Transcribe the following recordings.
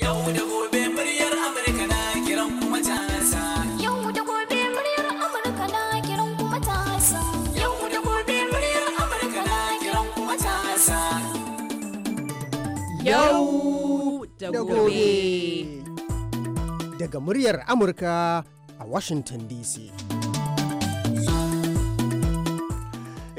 Yau da gobe muryar Amurka na kiran kuma tasa. Yau da gobe muryar Amurka na kiran kuma tasa. Yau da gobe muryar Amurka na kiran kuma tasa. Yau da gobe. Daga muryar Amurka a Washington DC.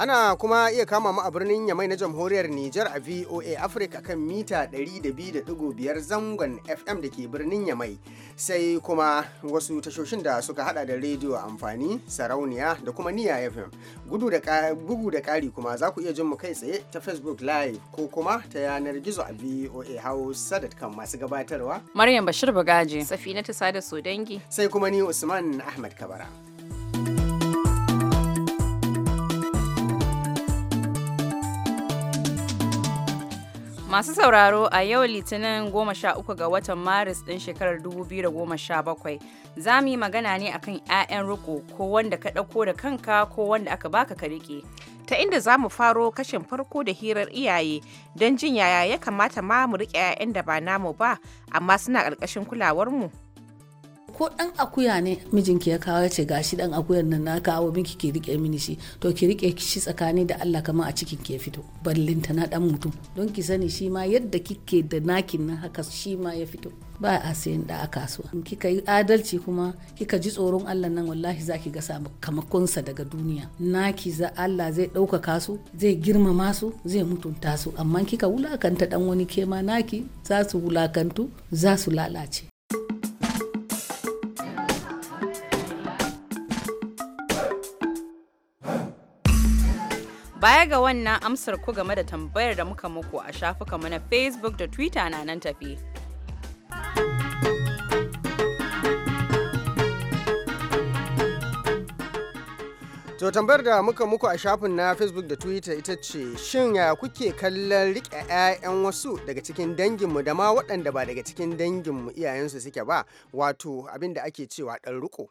Ana kuma iya kama mu a birnin Yamai na Jamhuriyar Nijar a VOA Africa kan mita 102.5 zangon FM da ke birnin Yamai. Sai kuma wasu tashoshin da suka hada da rediyo amfani, sarauniya da kuma niya FM. Gudu da bugu da ƙari kuma za ku iya jin mu kai tsaye ta Facebook Live ko kuma ta yanar gizo a VOA Hausa da kan masu gabatarwa. Maryam Bashir Bagaji. Safina Tusa da Sodangi. Sai kuma ni Usman Ahmad Kabara. Masu sauraro a yau Litinin 13 ga watan Maris ɗin shekarar 2017 za mu yi magana ne akan 'ya'yan riko ko wanda ka ɗauko da kanka ko wanda aka baka ka riƙe. Ta inda za mu faro kashin farko da hirar iyaye don jin yaya ya kamata ma mu riƙe 'ya'yan da ba namu ba amma suna ƙarƙashin kulawarmu. mu. ko dan akuya ne mijinki ya kawo ya ce gashi dan akuyan nan na kawo miki ki rike mini shi to ki rike shi tsakani da Allah kamar a cikin ke fito ballinta na dan mutum don ki sani shi ma yadda kike da nakin nan haka shi ma ya fito ba a sayan da a kasuwa kika yi adalci kuma kika ji tsoron Allah nan wallahi zaki ga samu sakamakonsa daga duniya naki za Allah zai ɗaukaka su zai girmama su zai mutunta su amma kika wulakanta dan wani kema naki za su wulakantu za su lalace Baya ga wannan amsar ku game da tambayar da muka muku a shafukanmu na Facebook da Twitter na nan tafi. To tambayar da muka muku a shafin na Facebook da Twitter ita ce shin ya kuke kallon rike 'ya'yan wasu daga cikin danginmu da ma waɗanda ba daga cikin danginmu iyayensu suke ba wato abin da ake cewa ɗan riko.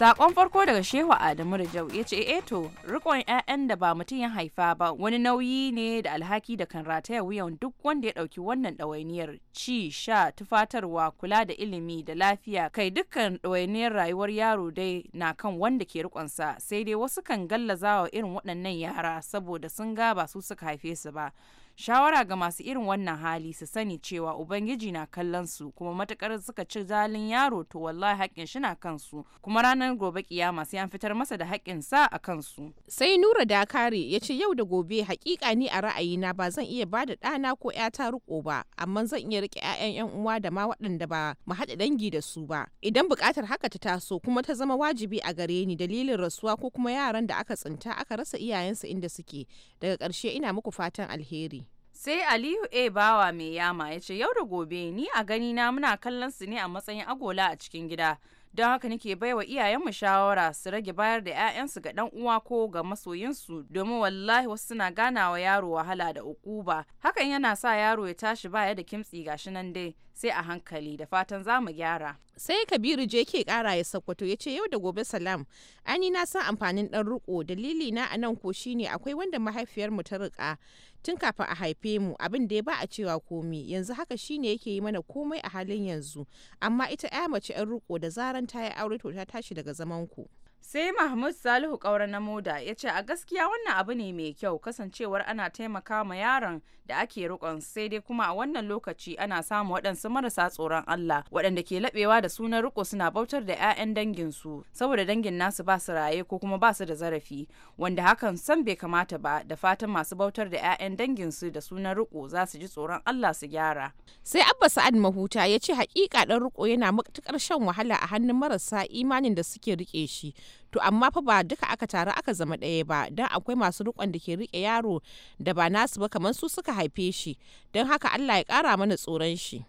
Sakon farko daga Shehu Adamu da jau ya ce eto eh to rikon 'ya'yan da ba mutum ya haifa ba wani nauyi ne da alhaki da kan rataya wuyan duk wanda ya ɗauki wannan ɗawainiyar ci sha tufatarwa kula da ilimi da lafiya kai dukkan ɗawainiyar rayuwar yaro dai na kan wanda ke rikonsa sai dai wasu kan gallazawa irin waɗannan yara saboda sun ga ba su suka haife su ba shawara ga masu irin wannan hali su sani cewa ubangiji na kallon su kuma matukar suka ci zalin yaro to wallahi haƙƙin shi na kansu kuma ranar gobe kiyama sai an fitar masa da haƙƙin sa a kansu sai nura dakare ya ce yau da gobe hakika ni a ra'ayi na ba zan iya ba da ɗana ko ƴata riko ba amma zan iya rike ƴaƴan ƴan uwa da ma waɗanda ba mu haɗa dangi da su ba idan buƙatar haka ta taso kuma ta zama wajibi a gare ni dalilin rasuwa ko kuma yaran da aka tsinta aka rasa iyayensu inda suke daga ƙarshe ina muku fatan alheri sai aliyu a bawa mai yama ya ce yau da gobe ni a gani na muna kallon su ne a matsayin agola a cikin gida don haka nake baiwa iyayenmu shawara su rage bayar da 'ya'yansu ga dan uwa ko ga masoyinsu domin wallahi wasu suna ganawa yaro wahala da ukuba hakan yana sa yaro ya tashi baya da kimtsi gashi nan dai sai a hankali da fatan za mu gyara sai kabiru je ke kara ya sakwato ya ce yau da gobe salam ani na san amfanin dan riko dalili na a nan ko shine akwai wanda mahaifiyar mu ta rika tun kafin a haife mu abin da ya ba a cewa komi yanzu haka shine yake yi mana komai a halin yanzu amma ita ya mace yan riko da zaran ta yi aure to ta tashi daga zaman ku sai mahmud salihu kaura na moda ya ce a gaskiya wannan abu ne mai kyau kasancewar ana taimaka ma yaron da ake rikon sai dai kuma a wannan lokaci ana samun waɗansu marasa tsoron allah waɗanda ke laɓewa da sunan riko suna bautar da 'ya'yan danginsu saboda dangin nasu ba su raye ko kuma ba su da zarafi wanda hakan san bai kamata ba da fatan masu bautar da 'ya'yan danginsu da sunan riko za su ji tsoron allah su gyara sai abba sa'ad mahuta ya ce hakika ɗan riko yana matuƙar shan wahala a hannun marasa imanin da suke rike shi to amma fa ba duka aka taru aka zama ɗaya ba don akwai masu rikon da ke rike yaro da ba nasu ba kamar su suka haife shi don haka Allah ya ƙara mana tsoron shi.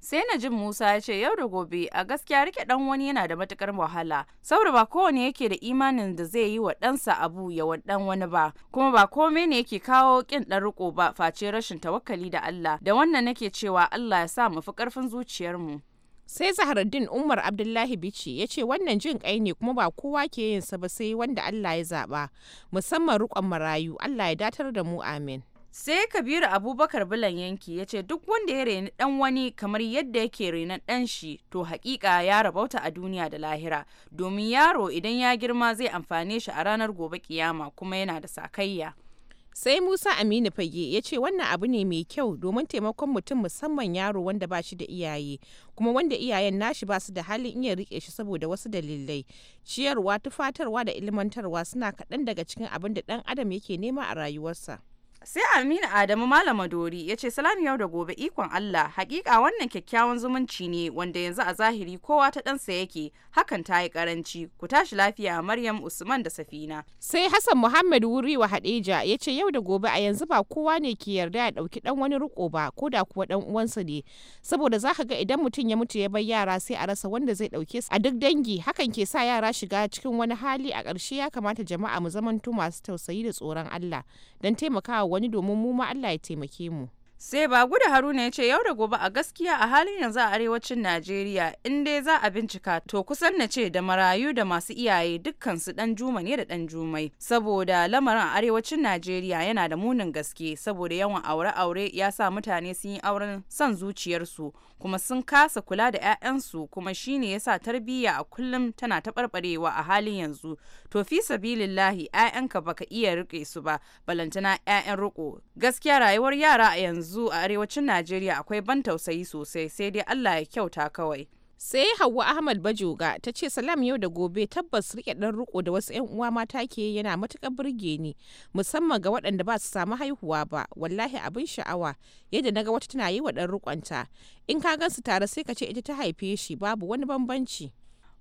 sai na jin Musa ya ce yau da gobe a gaskiya rike dan wani yana da matukar wahala saboda ba kowane yake da imanin da zai yi wa ɗansa abu ya wa dan wani ba kuma ba komai ne yake kawo ƙin ɗan riko ba face rashin tawakkali da Allah da wannan nake cewa Allah ya sa mu fi karfin zuciyarmu. sai zaharaddin umar abdullahi bici ya ce wannan jin kai ne kuma ba kowa ke yin sa ba sai wanda allah ya zaba musamman rukon marayu allah ya datar da mu amin sai kabiru abubakar bulan yanki ya ce duk wanda ya reni dan wani kamar yadda yake renan dan shi to hakika ya rabauta a duniya da lahira domin yaro idan ya girma zai amfane shi a ranar gobe kiyama kuma yana da sakayya sai musa aminu fage ya ce wannan abu ne mai kyau domin taimakon mutum musamman yaro wanda ba shi da iyaye kuma wanda iyayen nashi ba su da halin iya rike shi saboda wasu dalilai ciyarwa tufatarwa da ilmantarwa suna kaɗan daga cikin abin da ɗan adam yake nema a rayuwarsa sai aminu adamu malama dori ya ce salamu yau da gobe ikon allah hakika wannan kyakkyawan zumunci ne wanda yanzu a zahiri kowa ta ɗansa yake hakan ta yi karanci ku tashi lafiya maryam usman da safina sai hassan muhammad wuri wa hadeja ya ce yau da gobe a yanzu ba kowa ne ke yarda ya ɗauki ɗan wani riko ba ko da kuwa ɗan uwansa ne saboda zaka ga idan mutum ya mutu ya bar yara sai a rasa wanda zai ɗauke a duk dangi hakan ke sa yara shiga cikin wani hali a karshe ya kamata jama'a mu zamantu masu tausayi da tsoron allah don taimakawa wani domin mu ma Allah ya taimake mu. sai ba gudu haruna ya ce yau da gobe a gaskiya a halin yanzu a arewacin najeriya in dai za a bincika to kusan na ce da marayu da masu iyaye dukkan su dan juma ne da dan jumai saboda lamarin arewacin najeriya yana da munin gaske saboda yawan aure-aure ya sa mutane sun yi auren son zuciyarsu kuma sun kasa kula da 'ya'yansu kuma shine yasa tarbiyya a kullum tana taɓarɓarewa a halin yanzu to fi sabilillahi 'ya'yanka baka iya riƙe su ba balantana 'ya'yan riko gaskiya rayuwar yara a yanzu yanzu a arewacin Najeriya akwai ban tausayi sosai sai dai Allah ya kyauta kawai. Sai Hauwa Ahmad Bajoga ta ce salam yau da gobe tabbas rike dan riko da wasu 'yan uwa mata ke yana matukar burge ni musamman ga waɗanda ba su samu haihuwa ba wallahi abin sha'awa yadda naga wata tana yi wa dan rikonta in ka gansu tare sai ka ce ita ta haife shi babu wani bambanci.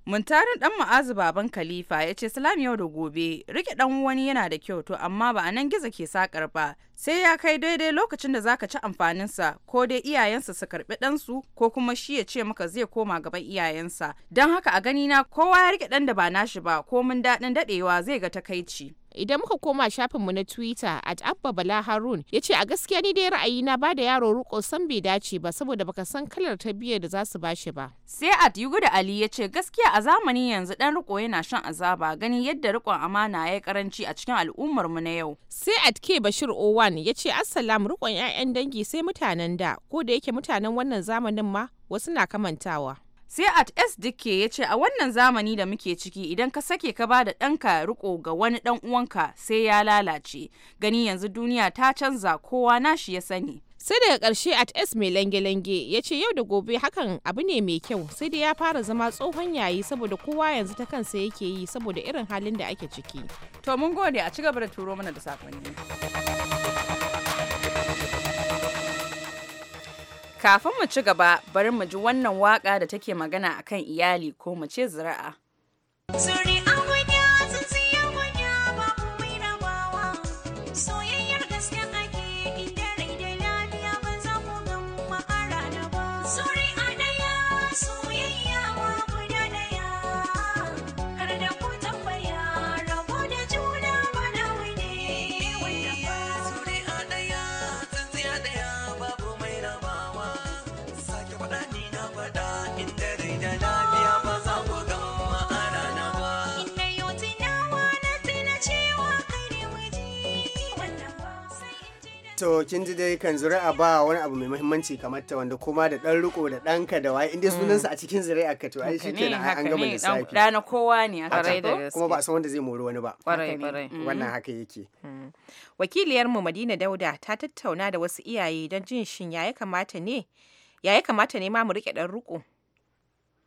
Muntarin dan ma'azu baban Khalifa ya ce salam yau da gobe rike ɗan wani yana da kyau to amma ba a nan gizo ke sakar ba sai ya kai daidai lokacin da zaka ci amfaninsa ko dai iyayensa su karbi ɗansu ko kuma shi ya ce maka zai koma gaban iyayensa don haka a gani na kowa ya rike ɗan da ba nashi ba ko mun daɗin daɗewa zai ga takaici. idan muka koma shafinmu na twitter at abba bala harun ya ce a gaskiya ni dai ra'ayi na ba da yaro riko san bai dace ba saboda baka san kalar ta tarbiyyar da za su ba shi ba sai at yugu da ali ya ce gaskiya a zamani yanzu dan riko yana shan azaba gani yadda rikon amana ya karanci a cikin al'ummar mu na yau sai at ke bashir owan ya ce assalam rikon 'ya'yan dangi sai mutanen da ko da yake mutanen wannan zamanin ma wasu na kamantawa sai at s dikke ya ce a wannan zamani da muke ciki idan ka sake ka ba da ɗanka riko ga wani ɗan uwanka sai ya lalace gani yanzu duniya ta canza kowa nashi ya sani sai daga ƙarshe at s mai lange-lange ya ce yau da gobe hakan abu ne mai kyau sai dai ya fara zama tsohon yayi saboda kowa yanzu ta kansa yake yi saboda irin halin da ake ciki to mun gode a ci gaba da turo mana da sakonni. Kafin mu ci gaba, bari mu ji wannan waka da take magana akan iyali ko mu ce zuri'a. to kin ji dai kan zuri'a ba wani abu mai muhimmanci kamar ta wanda kuma da dan riko da danka da waye inda mm. sunansa a cikin zuri'a ka to ai na an gama lissafi dana kowa ne a kare da gaske kuma ba san wanda zai mori wani ba mm. wannan haka yake mm. wakiliyar mu Madina Dauda ta tattauna da wasu iyaye don jin shin ya kamata ne ya kamata ne ma mu rike dan riko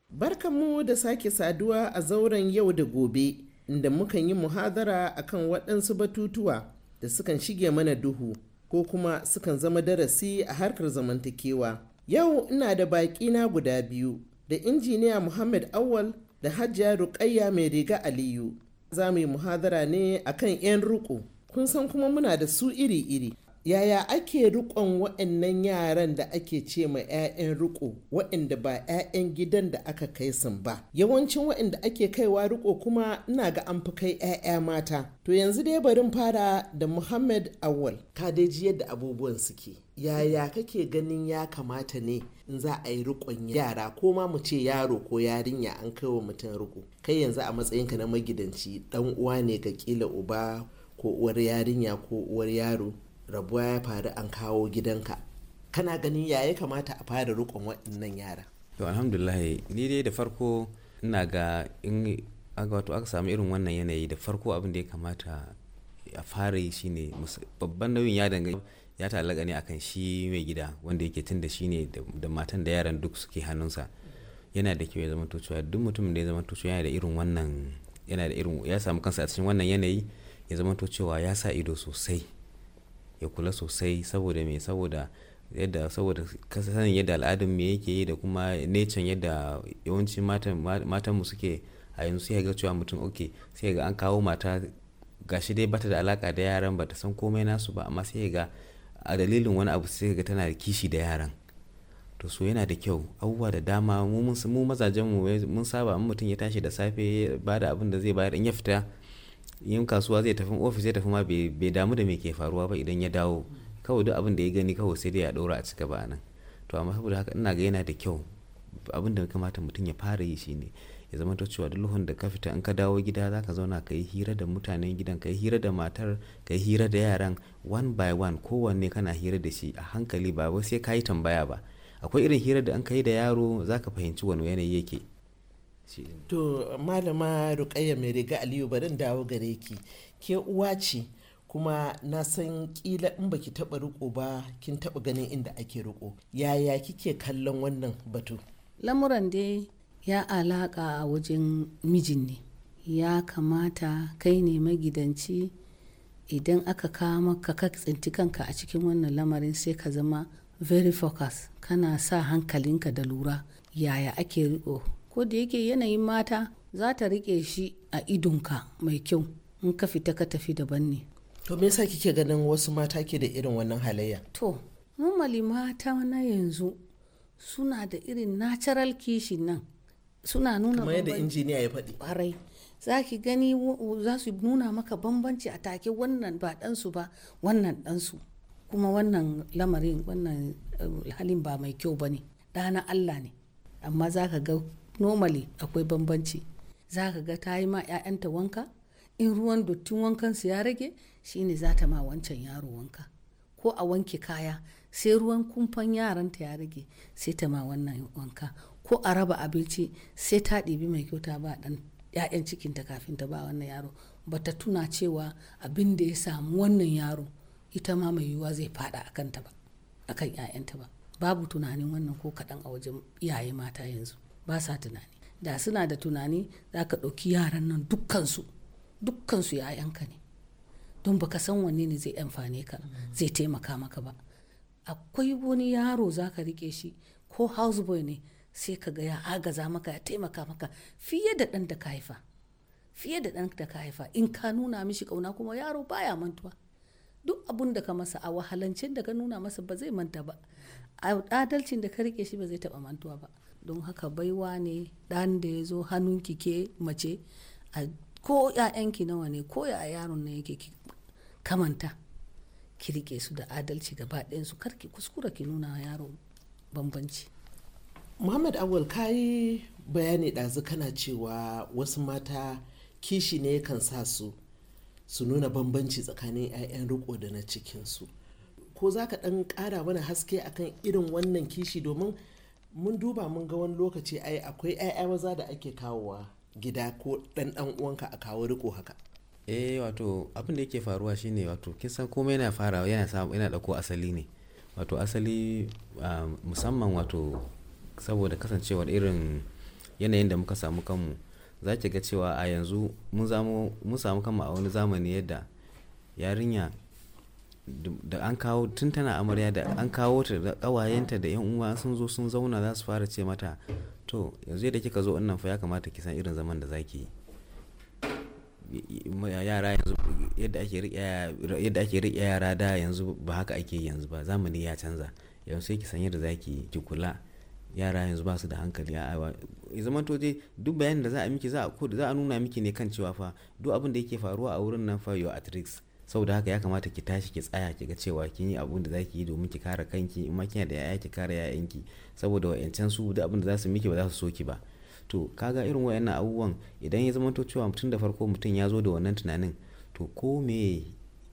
barkanmu da sake saduwa a zauren yau da gobe inda mukan yi muhadara akan waɗansu batutuwa da sukan shige mana duhu ko kuma sukan zama darasi a harkar zamantakewa. Yau ina da baƙi na guda biyu da injiniya Muhammad Awal da Hajiya Rukayya mai riga Aliyu. Za mu yi muhadara ne akan 'yan ruku. Kun san kuma muna da su iri-iri. yaya ake rikon wa'annan yaran da ake ce ma 'ya'yan riƙo wa'anda ba 'ya'yan gidan da aka kai sun ba yawancin wa'anda ake kaiwa riko kuma ina ga an fi kai 'ya'ya mata to yanzu dai barin fara da muhammad awal ka dai ji yadda abubuwan suke yaya kake ganin ya kamata ne in za a yi riƙon yara ko ma mu ce yaro ko yarinya an kai wa mutum riko kai yanzu a matsayinka na magidanci dan uwa ne ga kila uba ko uwar yarinya ko uwar yaro rabuwa ya faru an kawo gidanka kana ganin ya ya kamata a fara rukon waɗannan yara to alhamdulillah ni dai da farko ina ga in aka wato aka samu irin wannan yanayi da farko abin da ya kamata a fara yi shine babban nauyin ya danga ya ta'allaka ne akan shi mai gida wanda yake tun da shi da matan da yaran duk suke hannunsa yana da kyau ya zama to cewa duk mutumin da ya zama to cewa yana da irin wannan yana da irin ya samu kansa a cikin wannan yanayi ya zama to cewa ya sa ido sosai ya kula sosai saboda mai saboda yadda saboda sanin yadda al'adun mu yake yi da kuma necen yadda yawancin matanmu suke a yanzu sai ga cewa mutum ok sai ga an kawo mata gashi dai bata da alaka da yaran ba ta san komai nasu ba amma sai ga a dalilin wani abu sai ga tana da kishi da yaran to so yana da kyau abubuwa da dama mu mazajen mu mun saba mutum ya tashi da safe ba da abin da zai bayar in ya fita yin kasuwa zai tafi ofis ya tafi ma bai damu da me ke faruwa ba idan ya dawo kawai duk abin da ya gani kawai sai dai ya ɗora a cika ba nan to amma saboda haka ina ga yana da kyau abin da kamata mutum ya fara yi shine ya zama cewa duk lokacin da ka fita in ka dawo gida za ka zauna ka yi hira da mutanen gidan ka yi hira da matar ka yi hira da yaran one by one kowanne kana hira da shi a hankali ba sai ka yi tambaya ba akwai irin hira da an ka yi da yaro za ka fahimci wani yanayi yake to malama rukayya mai riga aliyu barin dawo gare ki ke uwa ce kuma na san kila in baki taba riko ba kin taba ganin inda ake riko yaya kike kallon wannan batu lamuran dai ya alaka a wajen mijin ne ya kamata kai ne magidanci idan aka kawo maka ka tsinci kanka a cikin wannan lamarin sai ka zama very focus kana sa hankalinka da lura yaya ake riko ko da yake yanayin mata za ta rike shi a idonka mai kyau in ka fita ka tafi daban ne to me yasa kike ganin wasu mata ke da irin wannan halayya to normally mata na yanzu suna da irin natural kishin nan suna nuna kamar yadda injiniya ya faɗi ƙwarai za ki gani za su nuna maka bambanci a take wannan ba ɗansu ba wannan ɗansu kuma wannan lamarin wannan eh, halin ba mai kyau ba ne ɗana allah ne amma za ka ga normally akwai bambanci za ka ga ta yi ma 'ya'yanta wanka in ruwan dottin wankansu ya rage shine za ta ma wancan yaro wanka ko a wanke kaya sai ruwan kumfan yaranta ya rage sai ta ma wannan wanka ko a raba abinci sai ta ɗibi mai kyauta ta ba ɗan 'ya'yan cikinta kafin ta ba wannan yaro ba ta tuna cewa abin da ya samu wannan yaro ita ma mai yiwuwa zai faɗa a kanta ba akan 'ya'yanta ba babu tunanin wannan ko kaɗan a wajen iyaye mata yanzu ba sa tunani da suna da tunani za ka ɗauki yaran nan dukkansu dukkansu yayanka ne don baka san wanne ne zai amfane ka zai taimaka maka ba akwai wani yaro za ka rike shi ko houseboy ne sai ka ga ya agaza maka ya taimaka maka fiye da ɗan da ka haifa fiye da ɗan da ka haifa in ka nuna mishi ƙauna kuma yaro baya mantuwa duk abun da ka masa a wahalancin da ka nuna masa ba zai manta ba a adalcin da ka rike shi ba zai taɓa mantuwa ba don haka baiwa ne ɗan da ya zo hannunki ke mace a ko ‘ya'yanki nawa ne ko ya yaron na yake kamanta ki rike su da adalci gaba ɗayansu kar ki kuskura ki nuna yaro bambanci muhammad awal ka yi bayani ɗazu kana cewa wasu mata kishi ne kan sa su su nuna bambanci tsakanin 'ya'yan riko da na cikinsu ko za ka ɗan ƙara mana haske akan irin wannan kishi domin mun duba mun ga wani lokaci ai akwai 'ya'ya maza da ake kawowa gida ko dan dan uwanka a kawo riko haka eh wato abin da yake faruwa shine wato kin san komai yana farawa yana samu yana dauko asali ne wato asali musamman wato saboda kasancewar irin yanayin da muka samu kanmu za ga cewa a yanzu mun samu kanmu a wani zamani yadda yarinya da an kawo tun tana amarya da an kawo ta da kawayenta da 'yan uwa sun zo sun zauna za su fara ce mata to yanzu da kika zo wannan fa ya kamata ki san irin zaman da zaki yara yanzu yadda ake riƙe yara da yanzu ba haka ake yanzu ba zamani ya canza yanzu sai ki san yadda zaki ki kula yara yanzu ba su da hankali a zama to dai duk bayanin da za a miki za a nuna miki ne kan cewa fa duk abin da yake faruwa a wurin nan fa yo at sau da haka ya kamata ki tashi ki tsaya ki ga cewa kin yi abun da zaki yi domin ki kare kanki in ma kina da yaya ki kare yayanki saboda wayancan su da abun da za su miki ba za su so ki ba to kaga irin wayannan abubuwan idan ya zama to cewa mutum da farko mutum ya zo da wannan tunanin to ko me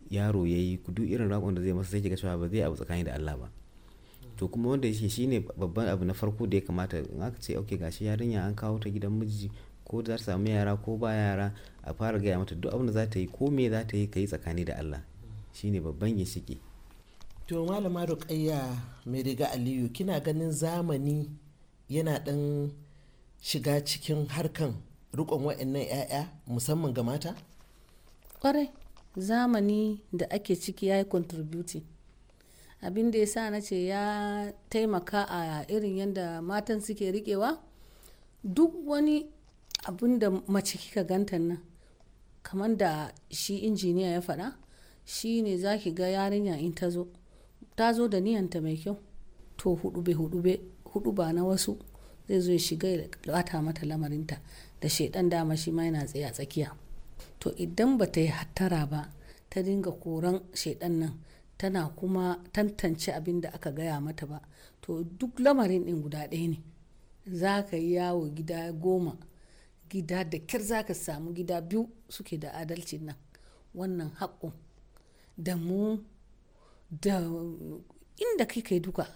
yaro ya yi duk irin rakon da zai masa sai ki ga cewa ba zai abu tsakani da Allah ba to kuma wanda shi shine babban abu na farko da ya kamata in aka ce okay gashi yarinya an kawo ta gidan miji ko za ta samu yara ko ba yara a fara gaya mata duk abin da za ta yi ko me za ta yi ka yi tsakani da Allah shine babban ginshiki to malama ruqayya mai riga aliyu kina ganin zamani yana dan shiga cikin harkan rikon wa'annan 'ya'ya musamman ga mata kwarai zamani da ake ciki ya yi contributing abin da ya sa na ce ya taimaka a irin yadda matan suke rikewa duk wani abinda mace kika ganta nan kamar da shi injiniya ya faɗa shi ne za ki ga yarinya in ta zo ta zo da niyanta mai kyau to hudube hudube hudu ba na wasu zai zo ya shiga ya bata mata lamarinta da shaidan dama shi ma yana tsaye a tsakiya to idan ba ta yi hattara ba ta dinga koran shaidan nan tana kuma tantance abin da aka gaya mata ba to duk lamarin din guda ɗaya ne za ka yi yawo gida goma gida da kir za ka samu gida biyu suke da adalci nan wannan haƙƙo da mu da inda kai duka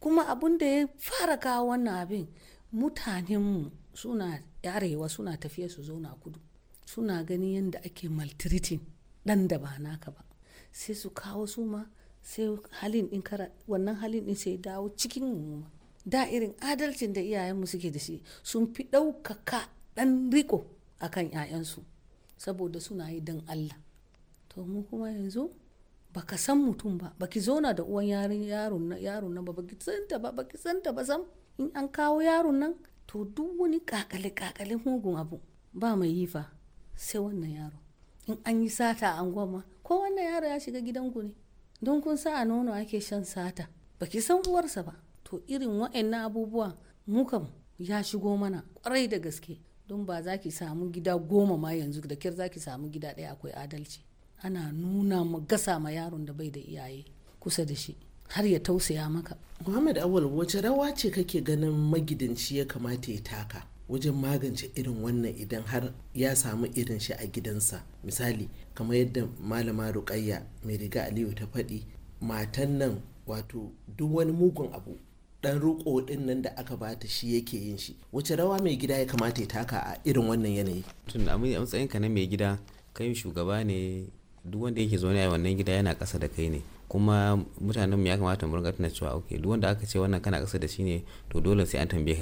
kuma abin da ya fara kawo wannan abin mutanenmu suna yarewa suna tafiya su zauna kudu suna gani yadda ake maltiritin ɗan da ba naka ba sai su kawo su ma sai halin din kara wannan halin din sai dawo cikin mu da irin adalcin da iyayenmu suke da shi sun fi ɗaukaka ɗan riko a kan 'ya'yansu saboda suna yi don allah to mu kuma yanzu ba ka san mutum ba ki zauna da uwan yarin yaron nan ba ki santa ba santa ba sam in an kawo yaron nan to duk wani kakale kakale mugun abu ba mai yi fa sai wannan yaro in an yi sata a goma ko wannan yaro ya shiga gidanku ne don kun sa a nono ake shan sata ba ki san uwarsa ba to irin wa'annan abubuwa mu kam ya shigo mana kwarai da gaske don ba za ki samu gida goma ma yanzu da kyar za ki samu gida ɗaya akwai adalci ana nuna ma gasa ma yaron da bai da iyaye kusa da shi har ya tausaya maka muhammad awal wace rawa ce kake ganin magidanci ya kamata ya taka wajen magance irin wannan idan har ya samu irin shi a gidansa misali kamar yadda malama rukayya mai riga aliyu ta faɗi matan nan wato duk wani mugun abu dan riko din nan da aka bata shi yake yin shi wace rawa mai gida ya kamata ya taka a irin wannan yanayi tun da a matsayin ka na mai gida kai shugaba ne duk wanda yake zaune a wannan gida yana kasa da kai ne kuma mutanenmu ya kamata mu rinka tunanin cewa ok duk wanda aka ce wannan kana kasa da shi ne to dole sai an tambaye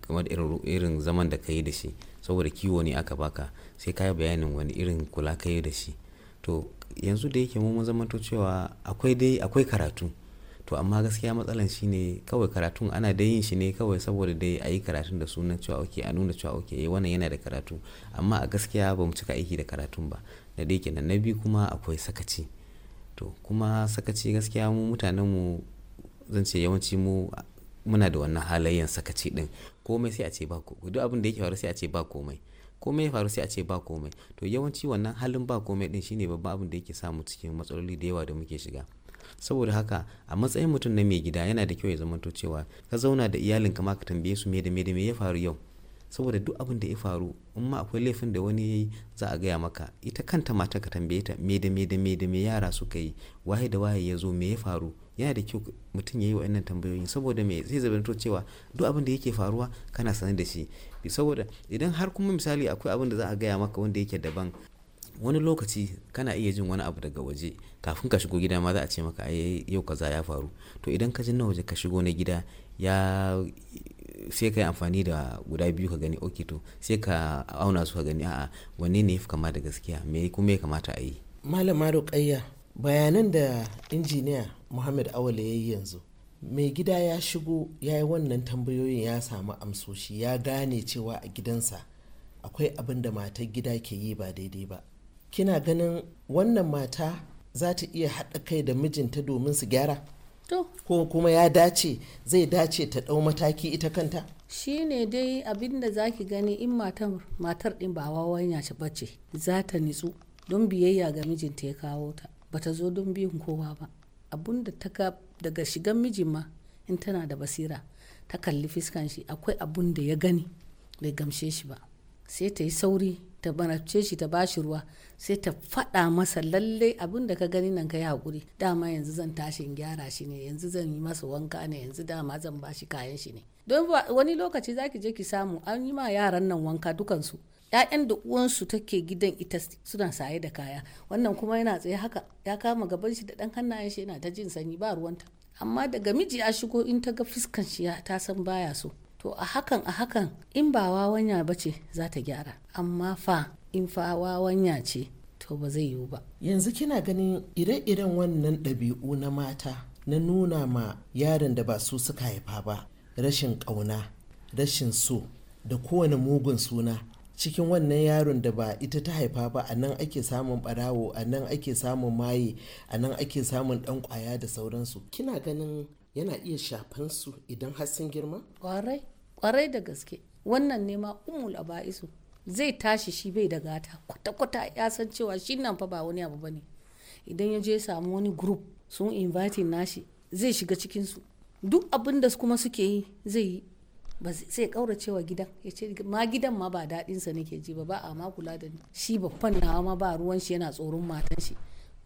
ka game da irin zaman da kai da shi saboda kiwo ne aka baka sai ka yi bayanin wani irin kula kai da shi to yanzu da yake mu mun zamanto cewa akwai dai akwai karatu to amma gaskiya matsalan shine kawai karatun ana da yin shi ne kawai saboda dai a yi karatun da sunan cewa oke a nuna cewa oke eh, wannan yana da karatu amma a gaskiya ba mu cika aiki da karatun ba da dai kenan na biyu kuma akwai sakaci to kuma sakaci gaskiya mu mutanen mu zan ce yawanci mu muna da wannan halayen sakaci din komai sai a ce ba komai duk abin da yake faru sai a ce ba komai komai ya faru sai a ce ba komai to yawanci wannan halin ba komai din shine babban abin da yake samu cikin matsaloli da yawa da muke shiga saboda haka a matsayin mutum na mai gida yana da kyau ya zamanto cewa ka zauna da ka ma ka tambaye su me da me da me ya faru yau saboda duk abin da ya faru in ma akwai laifin da wani yayi za a gaya maka ita kanta mata ka tambaye ta me da me da me da me yara suka yi waye da waye ya zo me ya faru yana da kyau mutum yayi wa'annan tambayoyi saboda me zai to cewa duk abin da yake faruwa kana sanar da shi saboda idan har kuma misali akwai abin da za a gaya maka wanda yake daban wani lokaci kana iya jin wani abu daga waje kafin ka shigo gida ma za a ce maka ai yau kaza ya faru to idan ka ji na waje ka shigo na gida ya sai ka yi amfani da guda biyu ka gani ok to sai ka auna su ka gani a'a wanne ne ya fi kama da gaskiya me kuma ya kamata a yi malama ruqayya bayanan da injiniya muhammad awale ya yi yanzu mai gida ya shigo ya yi wannan tambayoyin ya samu amsoshi ya gane cewa a gidansa akwai abin da matar gida ke yi ba daidai ba kina ganin wannan mata za ta iya haɗa kai da mijinta domin su gyara ko kuma ya dace zai dace ta ɗau mataki ita kanta shi ne dai abinda zaki za ki gani in matar ɗin ba wawanya ci bace za ta nitsu don biyayya ga mijinta ya kawo ta ba ta zo don biyun kowa ba abun da ta ga daga shigan mijin ma in tana da basira ta kalli fiskan shi akwai abun da ya gani bai gamshe shi ba sai ta yi sauri ta barabce shi ta bashi ruwa sai ta faɗa masa lallai abin da ka gani nan ka yi haƙuri dama yanzu zan tashi in gyara shi ne yanzu zan yi masa wanka ne yanzu dama zan bashi kayan shi ne don wani lokaci za ki je ki samu an yi ma yaran nan wanka dukansu ‘ya'yan da uwansu take gidan ita suna saye da kaya wannan kuma yana tsaye haka ya kama gaban shi da ɗan hannayen shi yana ta jin sanyi ba ruwanta amma daga miji ya shigo in ta ga fuskan shi ta san baya so to a hakan a hakan in ba wawanya ba ce za ta gyara amma fa in fa wawanya ce to ba zai yiwu ba yanzu kina ganin ire-iren wannan ɗabi'u na mata na nuna ma yaron da ba su suka haifa ba rashin ƙauna rashin so da kowane mugun suna cikin wannan yaron da ba ita ta haifa ba a nan ake samun barawo a nan ake samun maye a nan ake samun ɗan kwaya da sauransu kina ganin yana iya shafan su idan har sun girma kwarai kwarai da gaske wannan nema ma umul aba'isu zai tashi shi bai da gata kwata-kwata ya san cewa shi nan fa ba wani abu bane idan ya je samu wani group sun invite nashi zai shiga cikin su duk abin da kuma suke yi zai yi ba sai kaura cewa gidan ya ce ma gidan ma ba daɗin sa nake ji ba ba a ma kula da ni shi babban nawa ma ba ruwan shi yana tsoron matan shi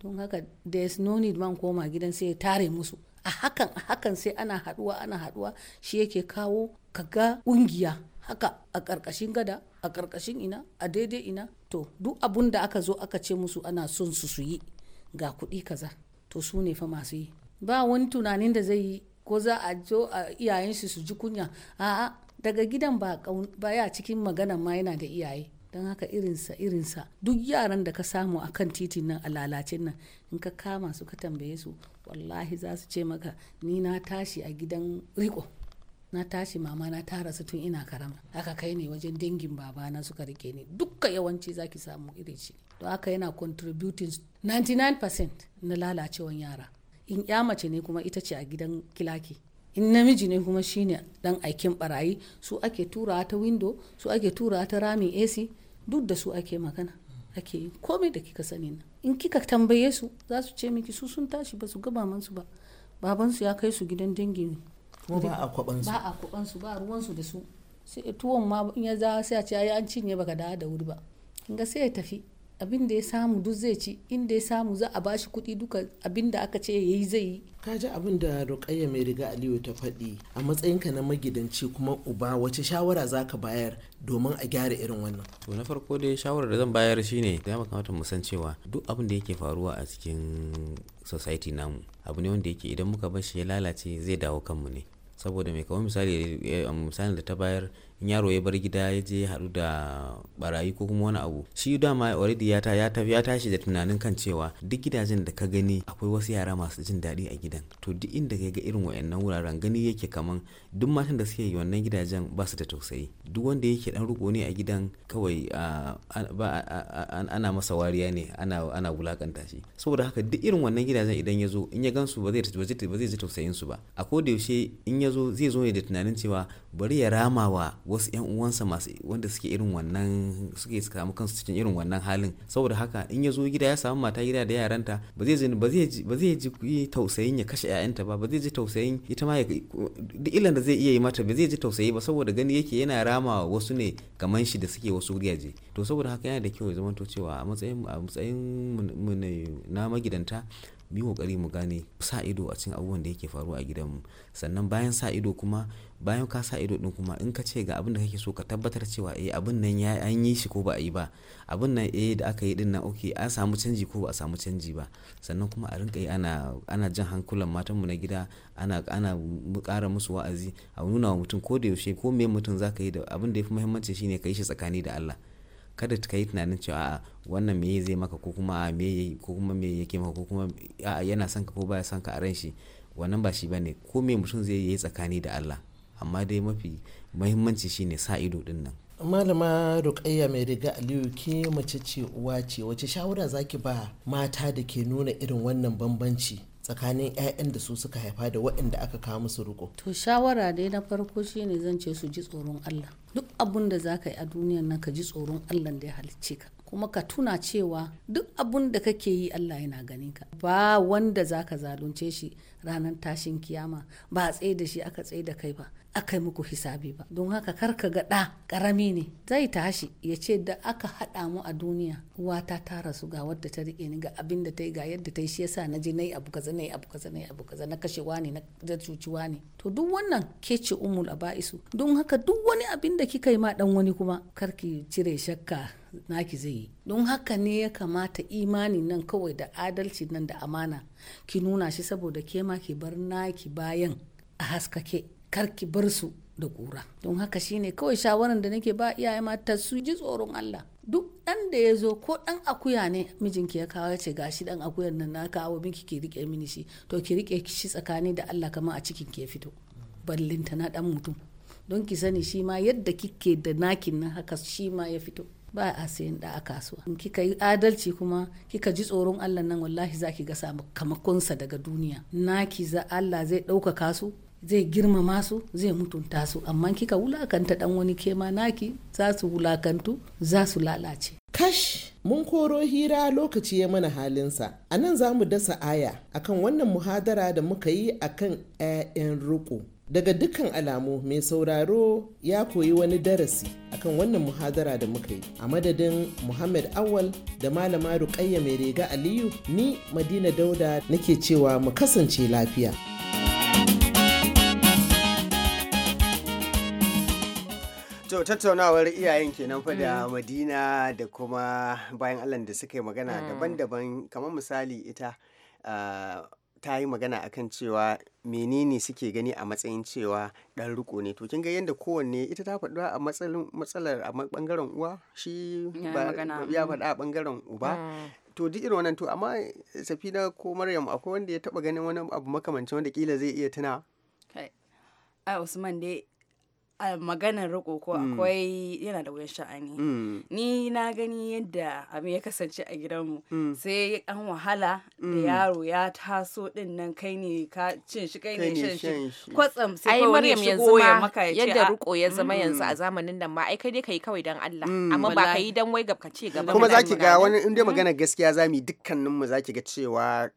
don haka there is no need man koma gidan sai ya tare musu a hakan a hakan sai ana haduwa ana haduwa shi yake kawo ka ga kungiya haka a ƙarƙashin gada a ƙarƙashin ina a daidai ina to duk abun da aka zo aka ce musu ana son su su yi ga kuɗi kaza to su ne fa masu yi ba wani tunanin da zai yi ko za a zo a iyayen su su ji kunya a'a daga gidan ba ya cikin magana ma yana da iyaye don haka irinsa irinsa duk yaran da ka samu akan titin nan a lalacin nan in ka kama su ka tambaye su wallahi za su ce maka ni na tashi a gidan riko na tashi mama na ta rasu tun ina karama haka kai ne wajen dangin babana suka rike ni dukka yawanci zaki samu irin shi to haka yana contributing 99% na lalacewan yara in ya mace ne kuma ita ce a gidan kilaki in namiji ne kuma shine dan aikin barayi su ake tura ta window su ake tura ta ramin ac duk da su ake magana ake yi komai da kika sani na in kika tambaye su za su ce miki su sun tashi ba su ga babansu ba babansu ya kai su gidan dangi ne ba a kwabansu ba a kwabansu ba ruwansu da su sai tuwon ma in ya za sai a ce ai an cinye baka da da wuri ba kin sai ya tafi abin da ya samu duk zai ci inda ya samu za a ba shi kuɗi duka abin da aka ce ya yi zai yi ka ji abin da rukayya mai riga aliyu ta faɗi a matsayinka na magidanci kuma uba wace shawara za ka bayar domin a gyara irin wannan to na farko dai shawarar da zan bayar shi ne ya kamata mu san cewa duk abin da yake faruwa a cikin society namu abu ne wanda yake idan muka bar shi ya lalace zai dawo kanmu ne saboda mai kawai misali eh, misalin da ta bayar in yaro ya bar gida ya je haɗu da barayi ko kuma wani abu shi dama already ya ta ya tashi da tunanin kan cewa duk gidajen da ka gani akwai wasu yara masu jin daɗi a gidan to duk inda ka ga irin wayannan wuraren gani yake kaman duk matan da suke wannan gidajen ba su da tausayi duk wanda yake dan riko ne a gidan kawai ah, ana masa wariya ne ana ana wulakanta shi saboda haka duk irin wannan gidajen idan ya zo in ya gansu ba zai ba zai ji tausayin su ba a koda yaushe in ya zo zai zo ne da tunanin cewa bari ya rama wa wasu 'yan uwansa masu wanda suke irin wannan suke samu kansu cikin irin wannan halin saboda haka in ya zo gida ya samu mata gida da yaranta ba zai ba zai ji tausayin ya kashe 'ya'yanta ba ba zai ji tausayin ita ma duk ilan da zai iya yi mata ba zai ji tausayi ba saboda gani yake yana rama wasu ne kaman shi da suke wasu gidaje to saboda haka yana da kyau ya zamanto cewa a matsayin a matsayin mu na magidanta mu yi kokari mu gane sa ido a cikin abubuwan da yake faruwa a gidanmu sannan bayan sa ido kuma bayan ka sa ido din kuma in ka ce ga abin da kake so ka tabbatar cewa eh abin nan ya an yi shi ko ba a yi ba abin nan eh da aka yi din nan okay an samu canji ko ba a samu canji ba sannan kuma a rinka yi ana ana jan hankulan matan mu na gida ana ana ƙara musu wa'azi a nuna wa mutum ko da yaushe ko me mutum zaka yi da abin da yafi muhimmanci shine ka yi shi tsakani da Allah kada ka yi tunanin cewa a'a wannan me zai maka ko kuma a me ko kuma me yake maka ko kuma a'a yana son ka ko baya son ka a ran shi wannan ba shi bane ko me mutum zai yi tsakani da Allah amma dai mafi mahimmanci shine sa ido din nan malama rukayya mai riga aliyu ke mace ce uwa ce wace shawara zaki ba mata da ke nuna irin wannan bambanci tsakanin 'ya'yan da su suka haifa da waɗanda aka kawo musu riko to shawara dai na farko shine zan ce su ji tsoron allah duk abun da za yi a duniyan nan ka ji tsoron allah da ya halicce ka kuma ka tuna cewa duk abun da kake yi Allah yana ganin ka ba wanda zaka zalunce shi ranar tashin kiyama ba a tsaye da shi aka tsaye da kai ba aka yi muku hisabi ba don haka kar ka ga ɗa ƙarami ne zai tashi ya ce da aka haɗa mu a duniya uwata ta rasu ga wadda ta riƙe ni ga abin da ta yi ga yadda ta yi shi yasa na je na yi abu kaza na yi abu kaza na yi abu kaza na kashe wani na da cuci wani to duk wannan ke ce umul ba'isu don haka duk wani abin da kika yi ma dan wani kuma kar ki cire shakka naki zai yi don haka ne ya kamata imani nan kawai da adalci nan da amana ki nuna shi saboda ke ma ki bar naki bayan a haskake karki bar su da kura don haka shine kawai shawaran da nake ba iyaye mata su ji tsoron Allah duk dan da ya zo ko dan akuya ne mijinki ya kawo ce gashi dan akuyan nan na kawo miki ki rike mini shi to ki rike shi tsakani da Allah kamar a cikin ki ya fito ballinta na dan mutum don ki sani shi ma yadda kike da nakin nan haka shi ma ya fito ba a sayan da a kasuwa in kika yi adalci kuma kika ji tsoron Allah nan wallahi za ki samu makamakonsa daga duniya naki za Allah zai ɗaukaka su zai girmama su zai mutunta su amma kika wulakanta dan wani kema naki za su wulakantu za su lalace kash mun koro hira lokaci ya mana halinsa a nan za mu dasa aya akan wannan muhadara da muka yi akan 'ya'yan ruku daga dukkan alamu mai sauraro ya koyi wani darasi akan wannan muhadara da muka yi a madadin muhammad awal da malama ruƙayya mai riga aliyu ni madina dauda nake cewa mu kasance lafiya. To tattaunawar iyayen kenan fa da mm. Madina da kuma bayan Allah da suka yi magana mm. daban-daban kamar misali ita ah, ta yi magana akan cewa menene suke gani a matsayin cewa dan riko ne to kin ga yadda kowanne ita ta faɗuwa a matsalar a bangaren uwa shi ya mm. faɗa a bangaren uba to duk irin wannan to amma safina ko maryam akwai wanda ya taɓa ganin wani abu makamancin wanda kila zai iya tuna ai usman dai a maganar riko ko mm. akwai yana da wuyan sha'ani mm. ni na gani yadda abin ya kasance a gidanmu mm. sai an wahala da yaro ya taso din nan kai ne ka cin shi kai ne shan shi kwatsam sai kawai wani shigo ya maka ya ce yadda ah, riko ya zama yanzu a zamanin nan ma ai kai dai kai kawai dan Allah amma ba kai dan wai gabka ce gaba kuma zaki ga wani inda magana gaskiya zamu dukkanin mu zaki ga cewa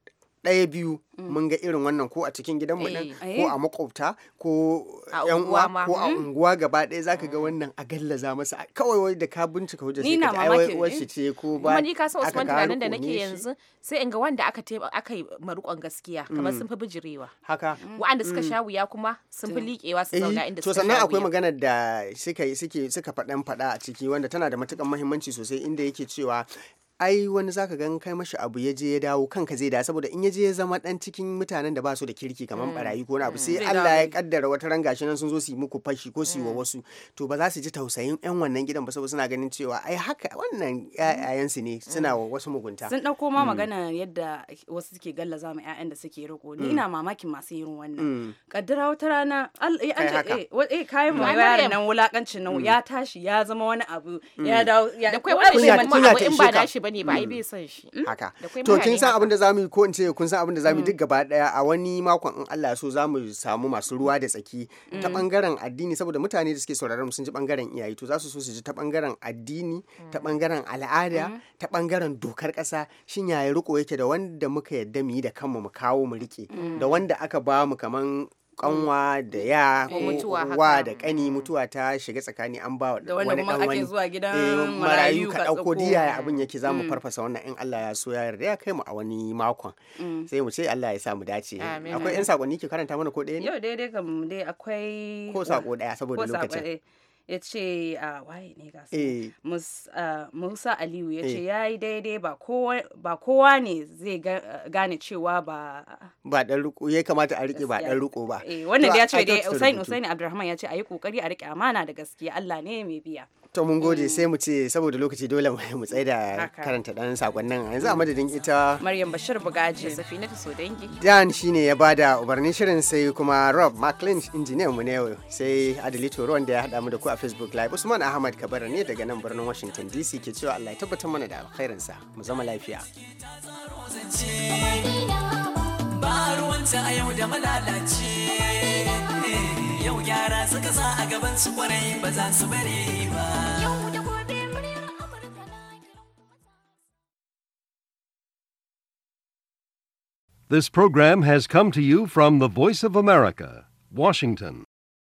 ɗaya biyu mm. mun ga irin wannan ko a cikin gidanmu ɗin eh, eh. ko a makwabta ko yan uwa ko a hmm? unguwa gaba ɗaya zaka ga ah. wannan a gallaza masa kawai wai da ka bincika hujjar sai ka ai wacce ce ko ba wani ka san Usman tunanin da nake yanzu sai in ga wanda aka aka yi marukon gaskiya kamar mm. sun fi bijirewa haka mm. wa'anda suka sha wuya kuma sun fi liƙewa su zauna eh, inda suka to sannan akwai magana da suka suke suka faɗan faɗa a ciki wanda tana da matukan muhimmanci sosai inda yake cewa ai wani zaka gan kai mashi abu ya je ya dawo kanka zai da saboda in ya je ya zama dan cikin mutanen da ba su da kirki kamar barayi mm, ko wani abu mm, sai Allah ya kaddara wata ran gashi nan sun zo su yi muku fashi ko su yi wa mm. wasu to ba za su ji tausayin yan wannan gidan ba saboda suna ganin cewa ai haka wannan ƴaƴayen su ne suna wa wasu mugunta sun dauko ma magana yadda wasu suke gallaza ma ƴaƴan da suke riko ni ina mamakin masu irin wannan kaddara wata rana eh kai eh, eh, mu yaran nan wulakancin nan ya tashi ya zama wani abu ya dawo ya da kai wani abu in ba da shi bane ba ai hmm. bai son shi hmm? haka to kin san abin da zamu ko in ce kun san abin da zamu hmm. duk gaba daya a wani makon in Allah ya so zamu samu masu ruwa da tsaki ta bangaren addini saboda mutane da suke sauraron sun ji bangaren iyaye to za su so su ji ta bangaren addini ta bangaren al'ada ta bangaren dokar kasa shin yaya riko yake da wanda muka yadda mu yi da kanmu mu kawo mu rike da wanda aka ba mu kaman kanwa da ya ko wa da kani mutuwa ta shiga tsakani an ba wani dan wani zuwa gidan eh, marayu ka dauko diya abin yake zamu mm. farfasa wannan in Allah ya so ya yarda ya kai mu a wani makon mm. sai mu ce Allah ya sa mu dace akwai yan sakonni ke karanta mana ko ɗaya ne yau daidai kam dai akwai ko sako daya saboda lokacin ya ce a ah, waye ne su eh. ah, musa aliyu ya ce eh. ya yi daidai ba kowa ne zai ah, gane cewa ba ba dan riko ya kamata a rike ba dan riko ba eh, wannan da ya ce dai usaini usaini abdulrahman ya ce a yi kokari a rike amana da gaskiya allah ne mai biya To mun gode mm. sai mu ce saboda lokaci dole mu tsaye da karanta dan sakonnin yanzu a madadin ita Maryam Bashir Bugaji Safina ta dangi. Dan shine ya bada umarnin shirin sai kuma Rob McLean injiniyan mu ne sai Adili Toro wanda ya hada mu da ku a Facebook Live Usman Ahmad Kabara ne daga nan birnin Washington DC ke cewa Allah ya tabbatar mana da alkhairin sa mu zama lafiya. Ba ruwanta a da malalace. yau suka sa a gaban su kwarai ba za su ba This program has come to you from the Voice of America, Washington.